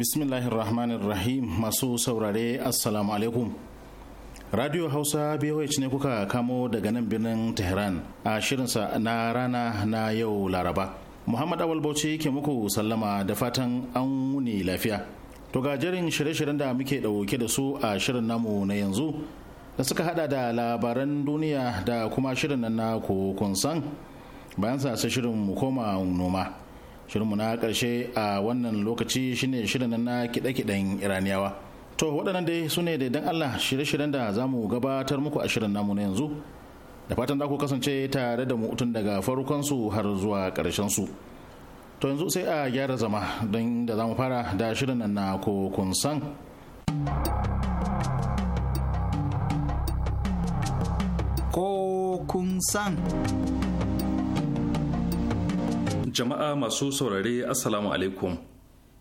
Bismillahirrahmanirrahim masu saurare Assalamu alaikum. Radio Hausa BOH ne kuka kamo daga nan birnin Tehran a shirinsa na rana na yau Laraba. Muhammad Awal Bauchi ke muku sallama da fatan an wuni lafiya. To ga jerin shirye-shiryen da muke ɗauke da su a shirin namu na yanzu da suka hada da labaran duniya da kuma shirin nan na kun san bayan sa shirin mu koma noma. shirinmu na karshe a wannan lokaci shine shirin na kiɗe-kiɗen iraniyawa to waɗannan dai su ne idan allah shirye-shiryen da za mu gabatar muku a shirin namu na yanzu da fatan da ku kasance tare da mu tun daga farkon su har zuwa ƙarshen su to yanzu sai a gyara zama don da za mu fara da shirin nan na kokun san kokun san Jama'a masu saurare Assalamu alaikum.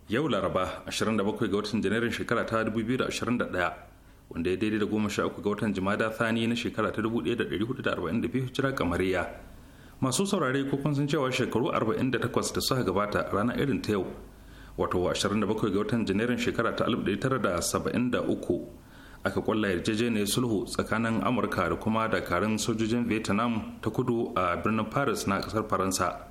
Yau Laraba 27 ga watan Janairun shekara ta 2021 wanda ya daidai da goma sha uku ga watan Jumada Thani na shekara ta 1442 Hijira kamariya. Masu saurare ko kun san cewa shekaru 48 da suka gabata ranar irin ta yau wato 27 ga watan Janairun shekara ta 1973 aka kwalla yarjejeniyar sulhu tsakanin Amurka da kuma dakarun sojojin Vietnam ta kudu a birnin Paris na kasar Faransa.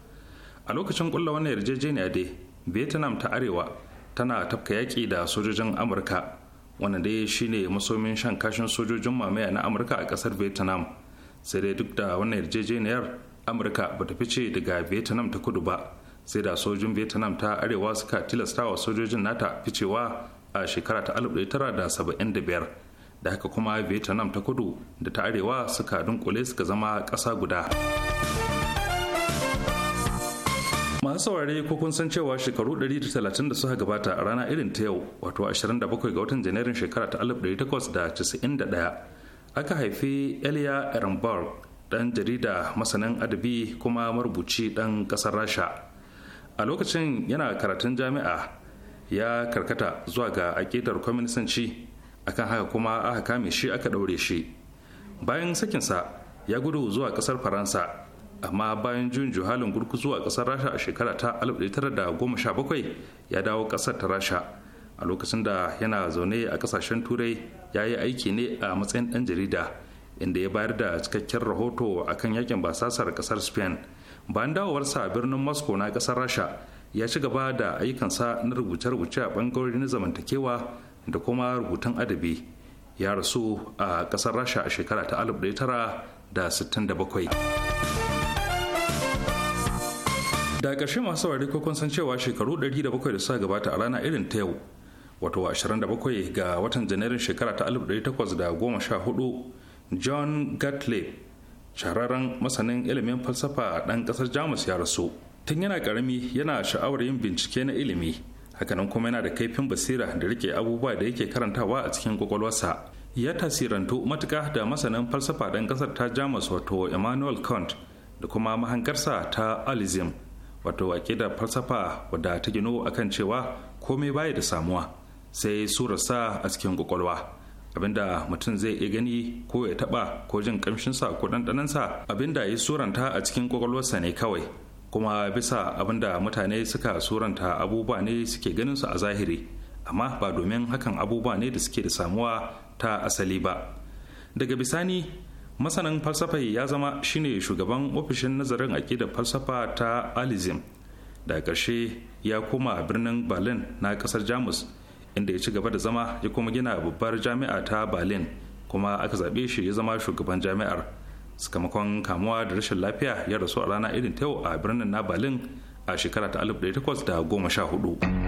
a lokacin kulla wannan yarjejeniya dai vietnam ta arewa tana tafka yaƙi da sojojin amurka wanda dai shine masomin shan kashin sojojin mamaya na amurka a ƙasar vietnam sai dai duk da wannan yarjejeniyar amurka ba ta fice daga vietnam ta kudu ba sai da sojin vietnam ta arewa suka tilastawa sojojin nata ficewa a shekara ta 1975 da haka kuma vietnam ta kudu da ta arewa suka dunkule suka zama ƙasa guda. masu saurari ko kun san cewa shekaru 130 da suka gabata a rana irin ta yau wato 27 ga watan janairun shekara ta 1891 aka haifi elia ehrenberg dan jarida masanin adabi kuma marubuci dan kasar rasha a lokacin yana karatun jami'a ya karkata zuwa ga aƙidar kwaminisanci akan haka kuma aka kame shi aka ɗaure shi bayan sakinsa ya gudu zuwa ƙasar faransa amma bayan juyin juhalin gurguzu a kasar rasha a shekara ta 1917 ya dawo kasar ta rasha a lokacin da yana zaune a kasashen turai ya yi aiki ne a matsayin dan jarida inda ya bayar da cikakken rahoto a kan yakin basasar kasar spain bayan dawowarsa birnin moscow na kasar rasha ya ci gaba da ayyukansa na rubuce-rubuce a bangarori na zamantakewa da kuma rubutan adabi ya rasu a kasar rasha a shekara ta 1967 da ƙarshe masu saurari ko kun san cewa shekaru 107 da suka gabata a rana irin ta yau wato 27 ga watan janairun shekara ta 1814 john gatley shahararren masanin ilimin falsafa a ɗan ƙasar jamus ya rasu tun yana ƙarami yana sha'awar yin bincike na ilimi hakanan kuma yana da kaifin basira da rike abubuwa da yake karantawa a cikin kwakwalwarsa ya tasirantu matuƙa da masanin falsafa ɗan ƙasar ta jamus wato emmanuel kant da kuma mahangarsa ta alizim wato da falsafa wadda ta gino akan cewa komai baya da samuwa sai surarsa a cikin kwakwalwa abinda mutum zai iya gani ko ya taba ko jin kamshinsa ko ɗanɗanansa abinda ya suranta a cikin kwakwalwarsa ne kawai kuma bisa abinda mutane suka suranta abubuwa ne suke ganinsu a zahiri amma ba domin hakan abubuwa ne da suke da samuwa ta asali ba daga bisani masanin falsafa ya zama shine shugaban ofishin nazarin da falsafa ta alizim da ƙarshe ya koma birnin berlin na ƙasar jamus inda ya ci gaba da zama ya kuma gina babbar jami'a ta berlin kuma aka zaɓe shi ya zama shugaban jami'ar sakamakon kamuwa da rashin lafiya ya rasu a rana irin ta yau a birnin na berlin a shekara ta 1814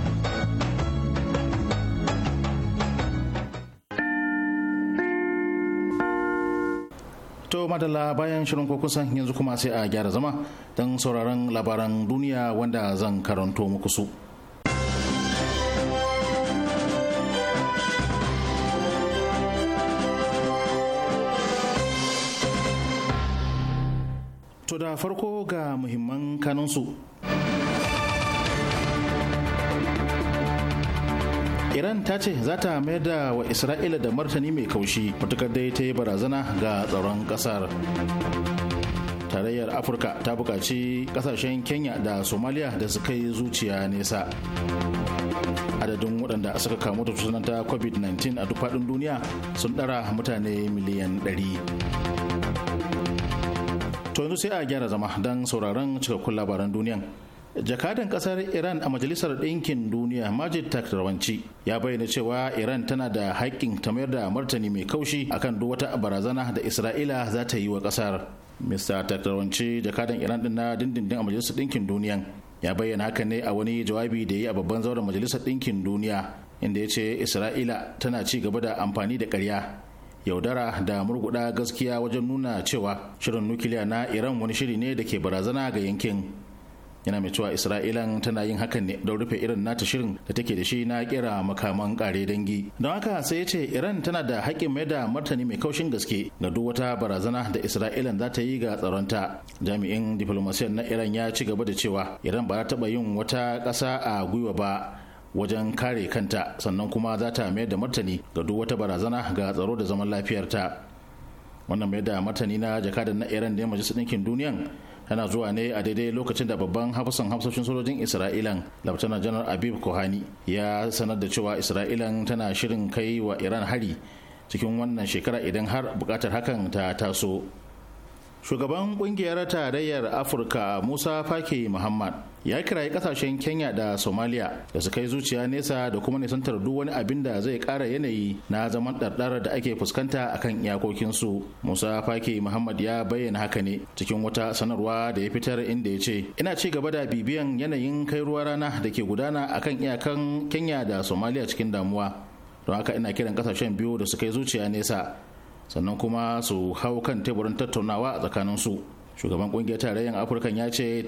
to madalla bayan shirin ko kusan yanzu kuma sai a gyara zama don sauraron labaran duniya wanda zan karanto muku su to da farko ga muhimman kanunsu iran ta ce za ta mayar da wa isra'ila da martani mai kaushi matukar dai ta yi barazana ga tsaron kasar tarayyar afirka ta buƙaci ƙasashen kenya da somaliya da su kai zuciya nesa adadin waɗanda suka kamu da cutar ta covid-19 a duk faɗin duniya sun ɗara mutane miliyan 100 to yanzu sai a gyara zama don sauraron cikakkun labaran duniyan jakadan kasar iran a majalisar ɗinkin duniya majid taktarwanci ya bayyana cewa iran tana da haƙƙin ta mayar da martani mai kaushi akan duk wata barazana da isra'ila za ta yi wa kasar mr taktarwanci jakadan iran din na dindindin a majalisar ɗinkin duniya ya bayyana haka ne a wani jawabi da ya yi a babban zauren majalisar ɗinkin duniya inda ya ce isra'ila tana ci gaba da amfani da karya. yaudara da murguda gaskiya wajen nuna cewa shirin nukiliya na iran wani shiri ne da ke barazana ga yankin yana mai cewa isra'ilan tana yin hakan ne don rufe irin nata shirin da take da shi na kira makaman kare dangi don haka sai ya ce iran tana da haƙƙin mai da martani mai kaushin gaske ga duk wata barazana da isra'ilan za ta yi ga tsaronta jami'in diflomasiyyar na iran ya ci gaba da cewa iran ba za taɓa yin wata ƙasa a gwiwa ba wajen kare kanta sannan kuma za ta mayar da martani ga duk wata barazana ga tsaro da zaman lafiyarta wannan mai da martani na jakadan na iran da majalisar ɗinkin duniyan tana zuwa ne a daidai lokacin da babban hafsan hafsoshin sojojin isra'ilan laftana janar abib kohani ya sanar da cewa isra'ilan tana shirin kai wa iran hari cikin wannan shekara idan har bukatar hakan ta taso shugaban kungiyar tarayyar afirka musa fake muhammad ya kirayi kasashen kenya da somalia da su kai zuciya nesa da kuma nisantar duk wani abin da zai kara yanayi na zaman ɗarɗar da ake fuskanta a kan iyakokinsu musa fake muhammad ya bayyana haka ne cikin wata sanarwa da ya fitar inda ya ce ina ci gaba da bibiyan yanayin kai ruwa rana da ke gudana a kan iyakan kenya da somalia cikin damuwa don haka ina kiran kasashen biyu da su kai zuciya nesa sannan kuma su hau kan teburin tattaunawa tsakanin su shugaban kungiyar tarayyar afirka ya ce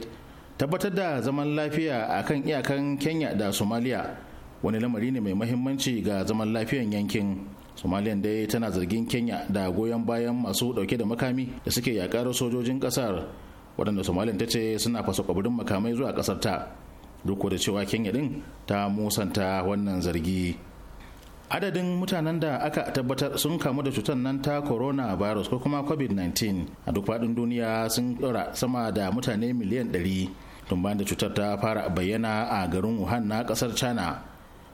tabbatar da zaman lafiya a kan iyakan kenya da somalia wani lamari ne mai mahimmanci ga zaman lafiyan yankin somaliya dai tana zargin kenya da goyon bayan masu dauke da makami da suke yakar sojojin kasar waɗanda somalia ta ce suna fasa kwabirin makamai zuwa kasar ta duk da cewa kenya din ta musanta wannan zargi adadin mutanen da aka tabbatar sun kamu da cutar nan ta coronavirus ko kuma covid-19 a duk faɗin duniya sun ɗora sama da mutane miliyan 100 tun bayan da cutar ta fara bayyana a garin wuhan na kasar china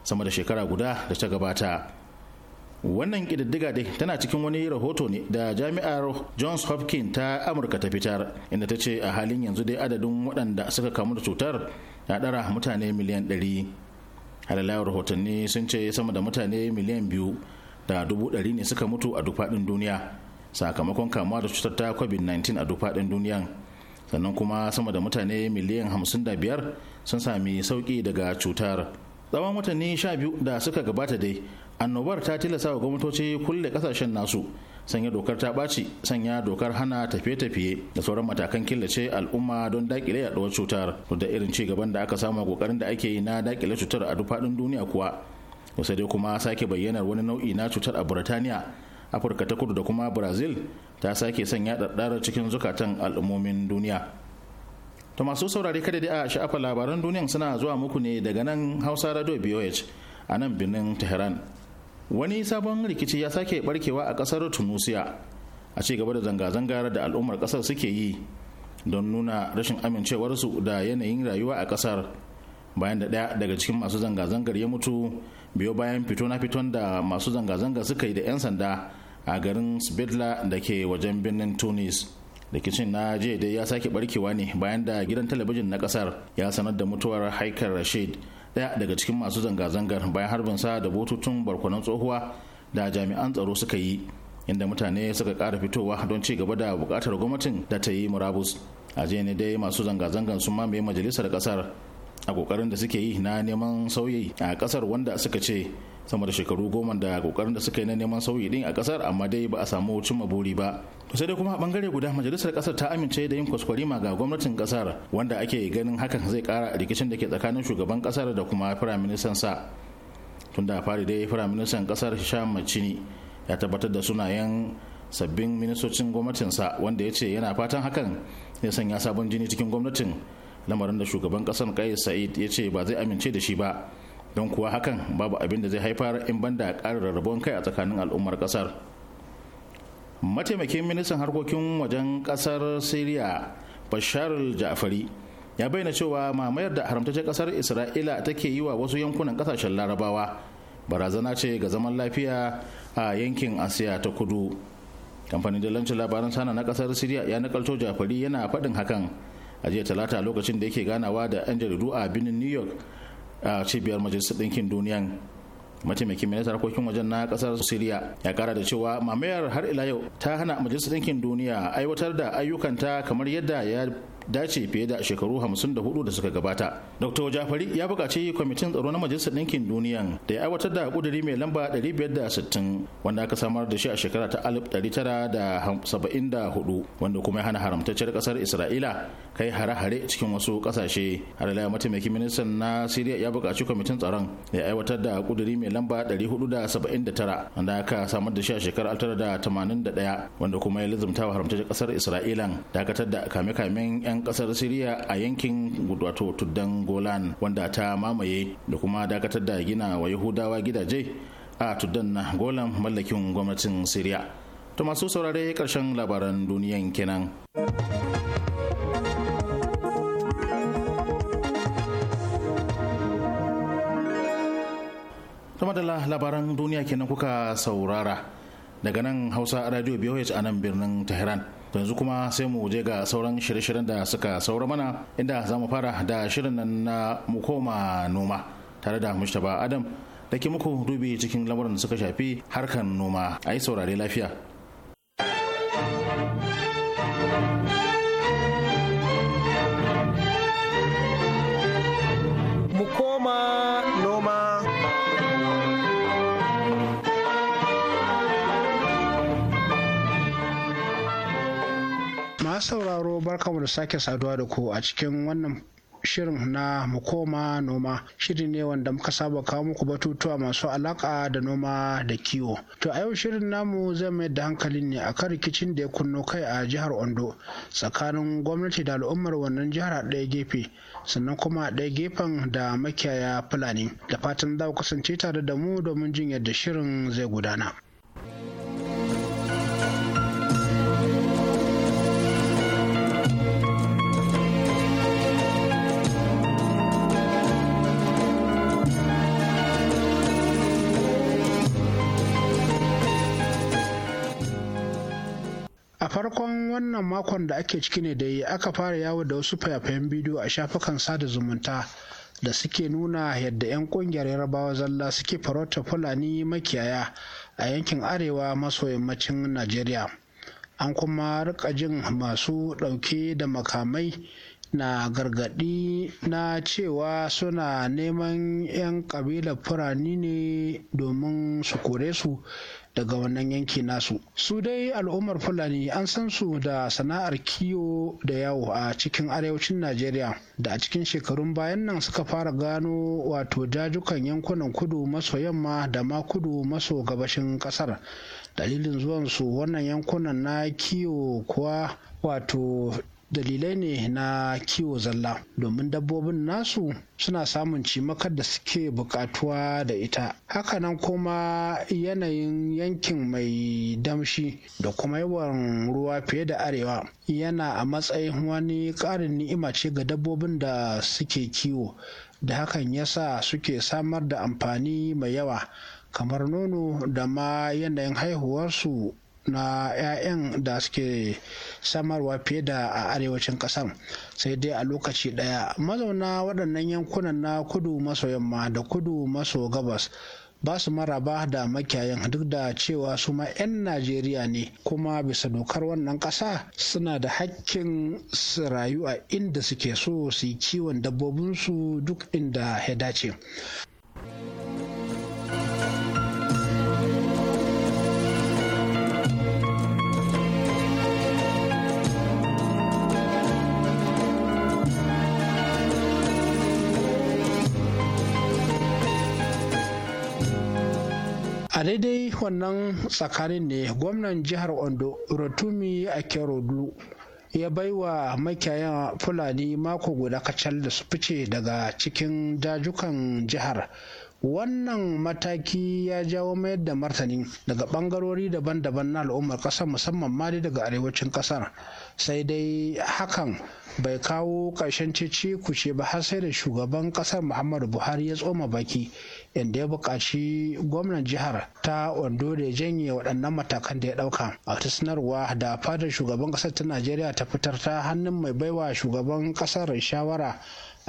sama da shekara guda da ta gabata wannan ƙididdiga dai tana cikin wani rahoto ne da jami'ar johns hopkins ta amurka ta fitar inda ta ce a halin yanzu dai adadin waɗanda suka kamu da cutar ya ɗara mutane miliyan 100 halalawar rahotanni sun ce sama da mutane miliyan biyu da dubu ɗari ne suka mutu a duk faɗin duniya sakamakon kamuwa da cutar ta covid-19 a duk faɗin duniya, sannan kuma sama da mutane miliyan hamsin da biyar sun sami sauki daga cutar tsawon watanni sha biyu da suka gabata dai annobar ta tilasta wa gwamnatoci kulle ƙasashen nasu sanya dokar ta ɓaci sanya dokar hana tafiye-tafiye da sauran matakan killace al'umma don dakile yaɗuwar cutar da irin ci gaban da aka samu a kokarin da ake yi na dakile cutar a duk faɗin duniya kuwa sai dai kuma sake bayyanar wani nau'i na cutar a burtaniya afirka ta kudu da kuma brazil ta sake sanya ɗaɗɗarar cikin zukatan al'ummomin duniya to masu saurare kada dai a sha'afa labaran duniyan suna zuwa muku ne daga nan hausa radio boh a nan birnin tehran wani sabon rikici ya sake barkewa a kasar tunisia a ci gaba da zanga-zangar da al'ummar kasar suke yi don nuna rashin amincewarsu da yanayin rayuwa a kasar bayan da ɗaya daga cikin masu zanga-zangar ya mutu biyo bayan fito na fiton da masu zanga zangar suka yi da 'yan sanda a garin spedla da ke wajen birnin tunis rikicin na jiya dai ya sake barkewa ne bayan da gidan talabijin na kasar ya sanar da mutuwar haikar rashid daya daga cikin masu zanga-zangar bayan harbin sa da bututun barkwanon tsohuwa da jami'an tsaro suka yi inda mutane suka kara fitowa don ci gaba da bukatar gwamnatin da ta yi murabus a jiya ne dai masu zanga-zangar sun mamaye majalisar ƙasar a ƙoƙarin da suke yi na neman sauyi a ƙasar wanda suka ce sama da shekaru goma da kokarin da suka yi na neman sauyi din a kasar amma dai ba a samu cimma buri ba to sai dai kuma a bangare guda majalisar kasar ta amince da yin kwaskwarima ga gwamnatin kasar wanda ake ganin hakan zai kara rikicin da ke tsakanin shugaban kasar da kuma firaministan sa tun da fari dai firaministan kasar hisham macini ya tabbatar da sunayen sabbin ministocin gwamnatinsa wanda ya ce yana fatan hakan ya sanya sabon jini cikin gwamnatin lamarin da shugaban kasar kai sa'id ya ce ba zai amince da shi ba don kuwa hakan babu abin da zai haifar in banda ƙarin rarrabon kai a tsakanin al'ummar kasar. mataimakin ministan harkokin wajen kasar syria bashar ja'fari ya bayyana cewa mamayar da haramtaccen kasar isra'ila take yi wa wasu yankunan kasashen larabawa barazana ce ga zaman lafiya a yankin asiya ta kudu kamfanin dalancin labaran sana na kasar syria ya nakalto ja'fari yana faɗin hakan a jiya talata lokacin da yake ganawa da 'yan jaridu a birnin new york a cibiyar majalisar ɗinkin duniya mataimakin ministan harkokin wajen na kasar siriya ya kara da cewa mamayar har ila yau ta hana majalisar ɗinkin duniya aiwatar da ayyukanta kamar yadda ya dace fiye da shekaru 54 da suka gabata. Dr. Jafari ya bukaci kwamitin tsaro na Majalisar Ɗinkin Duniya da ya aiwatar da ƙuduri mai lamba 560 wanda aka samar da shi a shekara ta 1974 wanda kuma ya hana haramtacciyar ƙasar Isra'ila kai hare-hare cikin wasu ƙasashe. Har da mataimakin ministan na Siriya ya bukaci kwamitin tsaron da ya aiwatar da ƙuduri mai lamba 479 wanda aka samar da shi a shekarar 1981 wanda kuma ya lizumta wa haramtacciyar ƙasar Isra'ila dakatar da kame-kamen 'yan kasar siriya a yankin wato tuddan golan wanda ta mamaye da kuma dakatar da gina wa yahudawa gidaje a tuddan na golan mallakin gwamnatin siriya to masu saurare karshen labaran duniyan kenan ta labaran duniya kenan kuka saurara daga nan hausa radio bih a nan birnin tehran yanzu kuma sai mu je ga sauran shirye-shiryen da suka saura mana inda za mu fara da shirin nan na mukoma noma tare da mustapha adam da ke muku dubi cikin lamuran da suka shafi harkan noma a yi saurare lafiya sauraro barkamu da sake saduwa da ku a cikin wannan shirin na mukoma noma shiri ne wanda muka saba kawo muku batutuwa masu alaka da noma da kiwo to a yau shirin namu zai mai da hankali ne akan rikicin da ya kunno kai a jihar ondo tsakanin gwamnati da al'ummar wannan jihar a ɗaya gefe sannan kuma a ɗaya gefen da makiyaya fulani da fatan za ku kasance tare da mu domin jin yadda shirin zai gudana wannan makon da ake ciki ne dai aka fara yawo da wasu fayafayen bidiyo a shafukan sada zumunta da suke nuna yadda 'yan kungiyar yarabawa zalla suke farauta fulani makiyaya a yankin arewa maso yammacin najeriya an kuma rika jin masu ɗauke da makamai na gargadi na cewa suna neman 'yan kabilar furani ne domin su kore su daga wannan yanki nasu su dai al'ummar fulani an san su da sana'ar kiwo da yawo a cikin arewacin najeriya da a cikin shekarun bayan nan suka fara gano wato jajukan yankunan kudu maso yamma da ma kudu maso gabashin kasar dalilin zuwan su wannan yankunan na kiwo kuwa wato dalilai ne na kiwo zalla domin dabbobin nasu suna samun cimakar da suke bukatuwa da ita hakanan kuma yanayin yankin mai damshi da kuma yawan ruwa fiye da arewa yana a matsayin wani ƙarin ni'ima ce ga dabbobin da suke kiwo da hakan yasa suke samar da amfani mai yawa kamar nono da ma yanayin haihuwarsu na 'ya'yan da suke samarwa fiye da a arewacin ƙasar sai dai a lokaci ɗaya mazauna waɗannan yankunan na kudu maso yamma da kudu maso gabas ba su maraba da makiyayan duk da cewa su ma 'yan najeriya ne kuma bisa dokar wannan ƙasa suna da hakkin su rayu a inda suke so su yi kiwon dabbobinsu duk inda ya dace. a daidai wannan tsakanin ne gwamnan jihar ondo rotumi akerodulu ya bai wa makiyayan fulani mako guda kacal da su fice daga cikin dajukan jihar wannan mataki ya jawo mayar da martani daga bangarori daban-daban na al'ummar kasar musamman ma daga arewacin kasar sai dai hakan bai kawo ƙarshen cece kuce ba har sai da shugaban kasar muhammadu buhari ya tsoma baki inda ya buƙaci gwamnan jihar ta ondo da ya janye waɗannan matakan da ya ɗauka a ta sanarwa da fadar shugaban ƙasar ta najeriya ta fitar ta hannun mai baiwa shugaban ƙasar shawara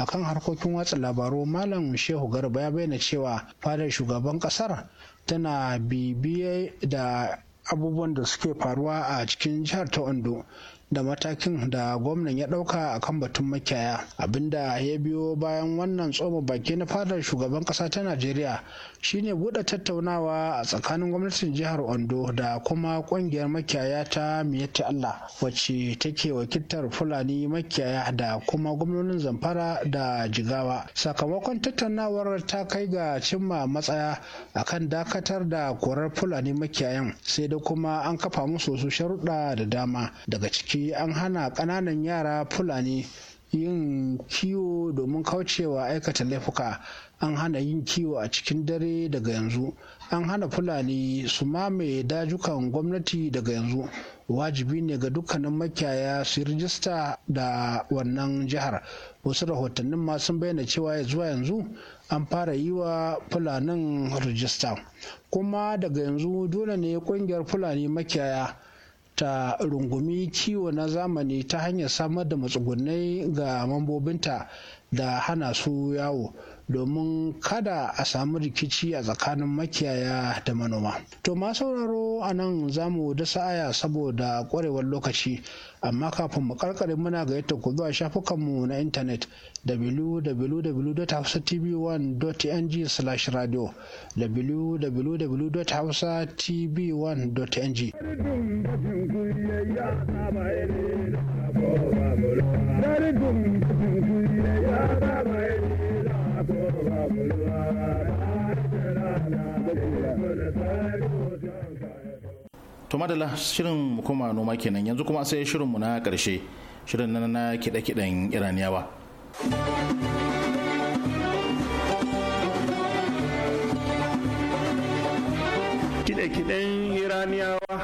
a kan harkokin watsa labaru malam shehu garba ya bayyana cewa fadar shugaban kasar tana bibiye da abubuwan da suke faruwa a cikin jihar ta ondo da matakin da gwamnan ya ɗauka a kan batun makiyaya abinda ya biyo bayan wannan tsoma baki na fadar shugaban ƙasa ta najeriya shine buɗe tattaunawa a tsakanin gwamnatin jihar ondo da kuma ƙungiyar makiyaya ta miyatta allah wacce take wakiltar fulani makiyaya da kuma gwamnonin zamfara da jigawa sakamakon tattaunawar ta kai ga cimma matsaya akan dakatar da korar fulani makiyayan sai da kuma an kafa musu sharuɗa da dama daga ciki an hana ƙananan yara fulani yin kiwo domin kaucewa aikata laifuka an hana yin kiwo a cikin dare daga yanzu an hana fulani su mamaye dajukan gwamnati daga yanzu wajibi ne ga dukkanin makiyaya su yi rijista da wannan jihar wasu rahotannin ma sun bayyana cewa zuwa yanzu an fara yi wa fulanin rijista kuma daga yanzu dole ne kungiyar fulani makiyaya ta rungumi kiwo na zamani ta hanyar samar da matsugunai ga mambobinta da hana su yawo domin kada a samu rikici a tsakanin makiyaya da manoma. To ma sauraro a nan za mu dasa aya saboda kwarewar lokaci, amma kafin mu karkare muna ga yadda ku zuwa shafukanmu na intanet www.hausatv1.ng/radio www.hausatv1.ng. To madala shirin kuma noma kenan yanzu kuma sai shirin mu na karshe shirin na na kiɗe-kiɗen iraniyawa. Kiɗe-kiɗen iraniyawa.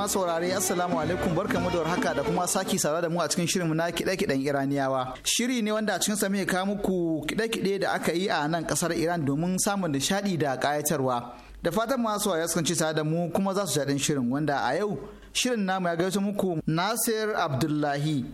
masu saurare assalamu alaikum mu da haka da kuma saki sara da mu a cikin shirin na kiɗe-kiɗen iraniyawa shiri ne wanda a cikin sami kawo muku kiɗe-kiɗe da aka yi a nan kasar iran domin samun nishaɗi da kayatarwa da fatan masu saurare sun ci tare da mu kuma za su jaɗin shirin wanda a yau shirin namu ya gaisa muku nasir abdullahi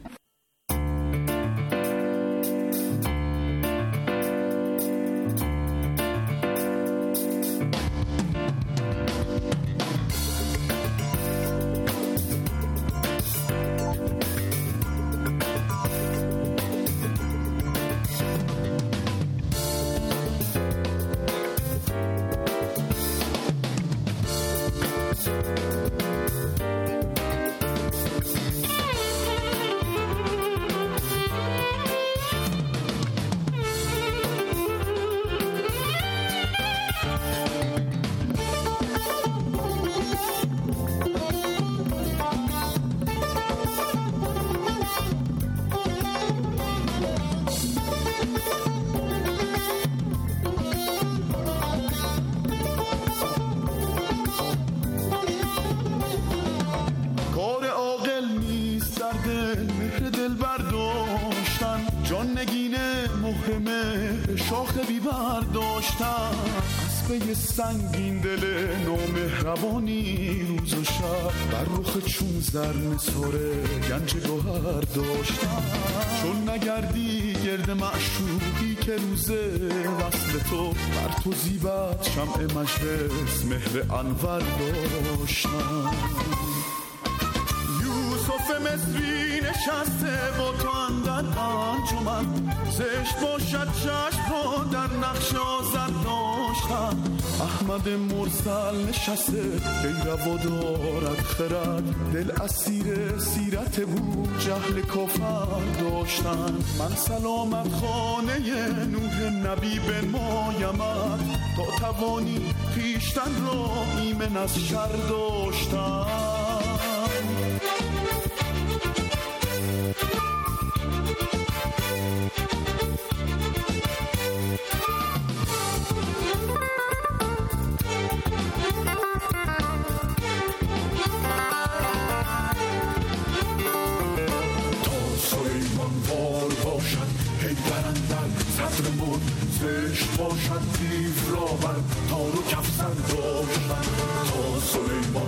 به شاخ بی برداشتم از سنگین دل روانی روز و شب بر رخ چون زر سره گنج گوهر داشتم چون نگردی گرد معشوقی که روزه وصل تو بر تو زیبت شمع مجلس مهر انور داشتم یوسف مصری نشسته با تو انجمن زشت باشد چشم را در نقش آزد داشتن احمد مرسل نشسته ای روا دارد خرد دل اسیر سیرت بود جهل کافر داشتن من سلامت خانه نوح نبی بنمایمد تا توانی پیشتن را ایمن از شر داشتن مرد زشت باشد دیو را بر تارو کفزن داشتن تا سلیمان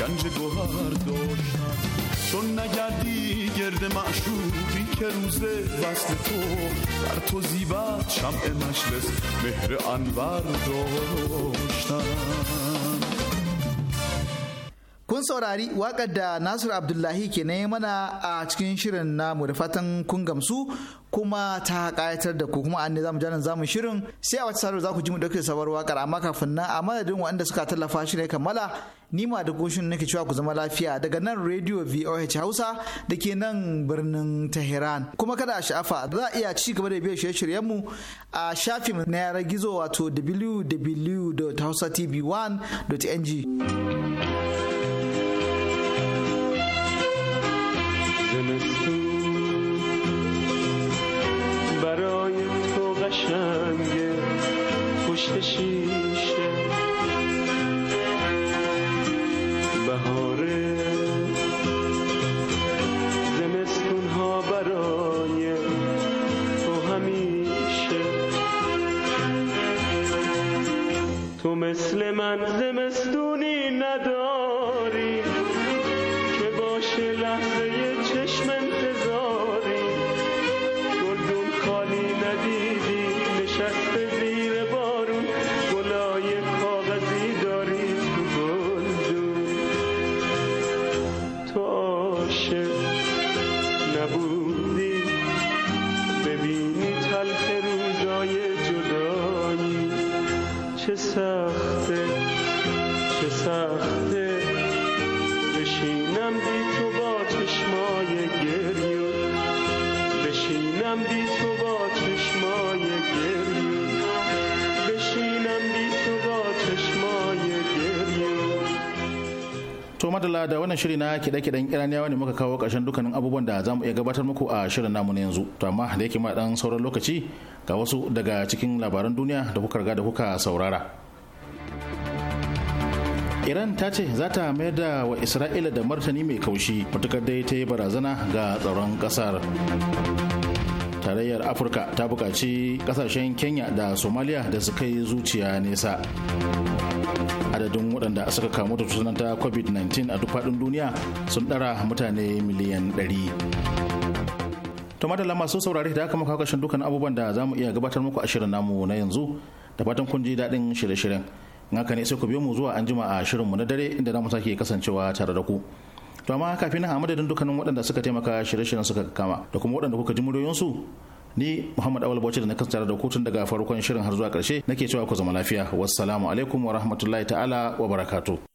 گنج گوهر داشتن چون نگردی گرد معشوقی که روزه وصل تو در تو زیبت شمع مجلس مهر انور داشتن Kun saurari waƙar da Nasiru Abdullahi ke na mana a cikin shirin namu da fatan kun gamsu kuma ta ƙayatar da ku kuma an ne zamu janin zamu shirin sai a wata sarwa za ku ji mu dauke sabar waƙar amma kafin nan a madadin waɗanda suka tallafa shi ne kammala ni ma da goshin nake cewa ku zama lafiya daga nan Radio VOH Hausa da ke nan birnin Tehran kuma kada a sha'afa za a iya ci gaba da biyan shirye-shiryen mu a shafin na yara gizo wato www.hausatv1.ng. برای تو قشنگه پشت شیشه بهار to madalla da wannan shiri na kiɗe-kiɗen iraniyawa ne muka kawo ƙarshen dukkanin abubuwan da za mu iya gabatar muku a shirin namu na yanzu to amma da yake ma dan sauran lokaci ga wasu daga cikin labaran duniya da kuka riga da kuka saurara iran ta ce za ta mayar da wa isra'ila da martani mai kaushi matukar dai ta yi barazana ga tsaron kasar tarayyar afirka ta buƙaci ƙasashen kenya da somaliya da su kai zuciya nesa adadin waɗanda suka kamu da cutar ta covid-19 a duk faɗin duniya sun ɗara mutane miliyan 100 to lama masu saurari da aka maka kashin dukkan abubuwan da za mu iya gabatar muku a shirin namu na yanzu da fatan kun ji daɗin shirye-shiryen in haka ne sai ku biyo mu zuwa anjima a shirinmu na dare inda za mu sake kasancewa tare da ku to amma kafin nan a madadin dukkanin waɗanda suka taimaka shirye-shiryen suka kama da kuma waɗanda kuka ji muryoyinsu ni muhammad awal bauchi da na kasance da kotun daga farkon shirin har zuwa karshe nake cewa ku zama lafiya wassalamu alaikum wa rahmatullahi ta'ala wa barakatuh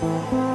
Thank you.